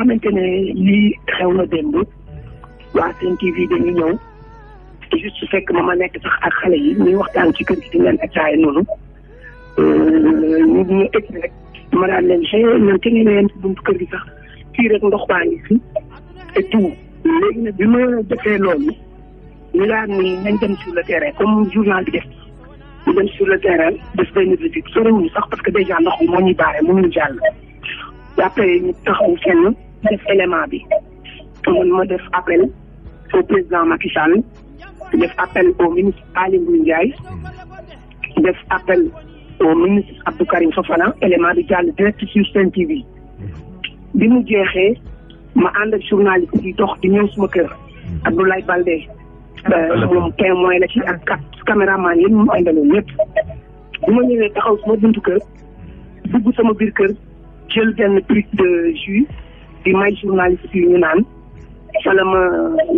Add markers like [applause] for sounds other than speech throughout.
xamante ne lii xew na démb waa seen TV dañu ñëw juste fekk ma ma nekk sax ak xale yi ñuy waxtaan ci kër gi di leen état noonu euh, ñu ñu daan leen xëy na te ngeen sax fii ndox baa bi ma defee loolu ñu daan ni nañ dem sur le terrain comme journal bi def ñu dem sur le terrain def benn visite sorewuñu sax parce que déjà ndox mi moo ñuy baare mënuñu jàll après ñu taxaw fenn def élément bi man ma def appel au président Macky Sall def appel au ministre Aly Ngouille Ndiaye def appel au ministre Abdou Karim Fofana élément bi jàll direct sur Sen TV bi mu jeexee ma ànd ak journaliste yi dox di ñëw suma kër Abdoulaye Baldé moom témoin la ci ak quatre caméraman yi mu àndaloon ñëpp bu ma taxaw suma buntu kër dugg sama bir kër jël benn brique de jus di may journaliste yi ñu naan fala ma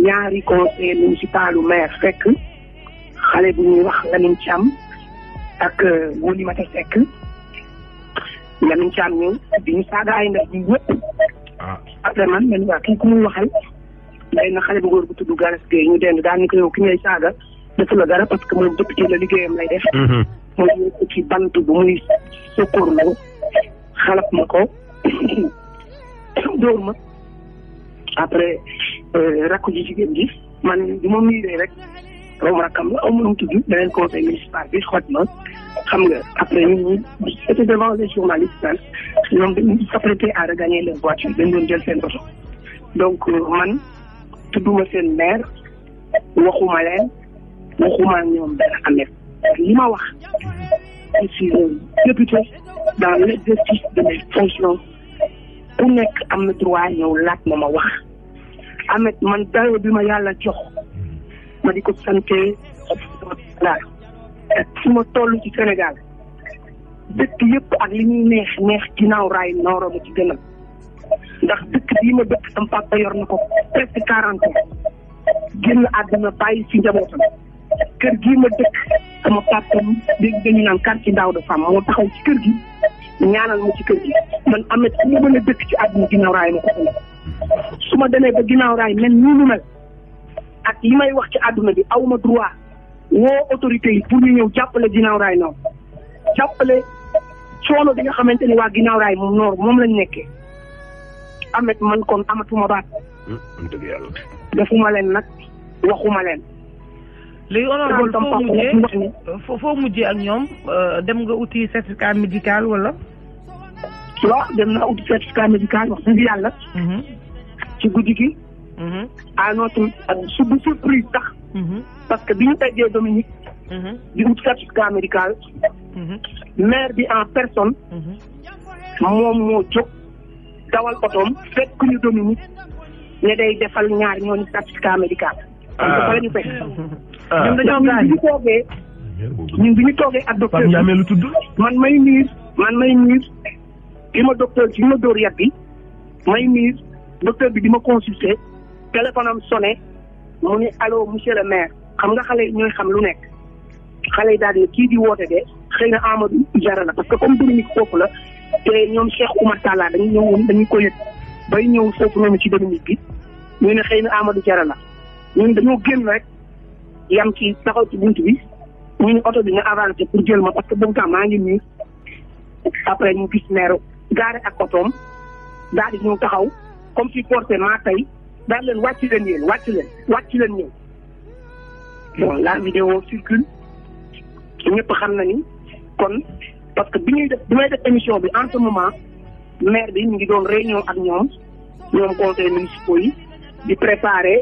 ñaari conseil municipalu maire fekk xale bu ñuy wax Lamine Thiam ak Woulimata euh, Seck Lamine Thiam ñu di ñu saaga ay ndax ñu yëpp ah. après man man waa ku muy waxal day na xale bu góor bu tudd Galas Gueye ñu dend daal ni ko ki ngay saaga defu la dara parce que moom député la liggéeyam lay def mm-hmm. mooy ci bant bu muy sokkoor la xalap ma ko [coughs] dóor après euh ji jigéen ji man duma ma rek rom rakam la aw ma nu benen beneen conseil municipal bi xotma xam nga après ñu était devant les journalistes daal hein. ñoom dañuy s'apprêter à regagner leur voiture dañ doon jël sen oto donc euh, man tudduma sen maire waxuma len waxuma ñom dara amee li ma wax je député dans l'exercice de mes fonctions bu nekk am na droit ñëw laat ma ma wax amet man dayo bi ma yàlla jox ma di ko sante la su ma toll ci Sénégal dëkk yëpp ak li ñuy neex neex ginnaaw raay nooro ma ci gënal ndax dëkk bii ma dëkk sama papa yor na ko presque quarante génn àdduna bàyyi ci njabootam kër gii ma dëkk sama papa dégg dañu naan quartier Daouda Fall moo taxaw ci kër gi ñaanal ma ci kër gi man am na mën a dëkk ci àdduna ginnaaw su ma demee ba ginnaaw raay mel nii ak li may wax ci àdduna bi awma droit woo autorité yi pour ñu ñëw jàppale ginnaaw raay noonu jàppale coono bi nga xamante ni waa ginnaaw raay moom noor moom lañ nekkee amet man kon amatuma baat hmm, defuma leen nag waxuma leen léegi honorable foo mujjee euh, foo mujjee ak ñoom euh, dem nga uti certificat médical wala. waaw dem naa uti certificat médical wax dëgg yàlla. Mhm. ci guddi gi. Mhm. à notre su bu surprise tax. Mhm. parce que bi ñu teggee Dominique. di ut certificat médical. maire bi en personne. moom moo jóg dawal otoom fekk ñu Dominique ne day defal ñaar ñooñu certificat médical. parce ah. que ñu fekk. Ah. ñun dañoo ñun bi ñu toogee. ñun bi ñu toogee ak docteur bi lu tudd. man may niir man may niir li ma docteur bi ma dóor yàgg bi may niir docteur bi di ma consulter téléphone am sonné mu ne allo monsieur le maire xam nga xale ñooy xam lu nekk xale yi daal di ne kii di woote de xëy na Amadou Jara la parce que comme Dominique foofu la te ñoom Cheikh Oumar Talla dañu ñëwoon dañu ko yëg bay ñëw foofu noonu ci Dominique bi ñu ne xëy na Amadou Jara la. ñun dañoo génn rek yam ci taxaw ci bi ñu oto bi nga avancé pour jël ma parce que nous sommes maa ngi après ñu gis maire gaare ak otoom daal di ñu taxaw comme si porté maa tey daal leen wàcc leen yéen wàcc leen wàcc leen bon la vidéo circule ñëpp xam na ni kon parce que bi ñuy def bi may def émission bi en ce moment maire bi ñu ngi doon réunion ak ñoom ñoom conseil municipal yi di préparer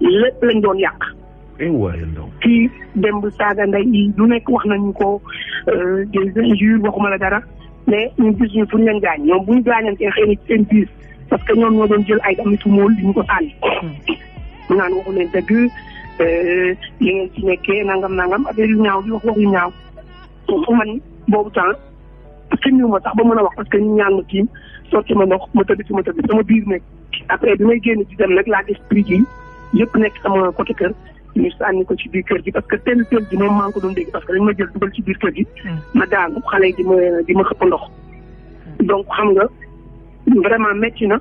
lépp lañ doon yàq. Eh ki dem bu saaga ndey lu nekk wax nañu ko euh, des waxuma la dara mais ñu gis ñu fu ñu leen gaañ ñoom bu gaañantee xëy seen biir parce que ñoom ñoo doon jël ay damitu mool di ñu ko sànni. ñu hmm. naan waxu leen dëgg euh, li ngeen nekkee nangam nangam affaire yu ñaaw di wax wax yu ñaaw man boobu temps te ñu ma sax ba mën a wax parce que ñu ñaan ma tiim sotti ma ndox ma tëdd ci ma tëdd sama biir nekk après bi may génn ci dem nag laa gis prix yi. yépp nekk sama côté kër ñu sànni ko ci biir kër gi parce que teel teel ji moom maa ngi ko doon dégg parce que dañ ma jël dugal ci biir kër gi. ma daanu xale yi di ma di ma xëpp ndox. donc xam nga vraiment métti na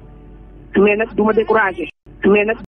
mais nag du ma découragé mais nag.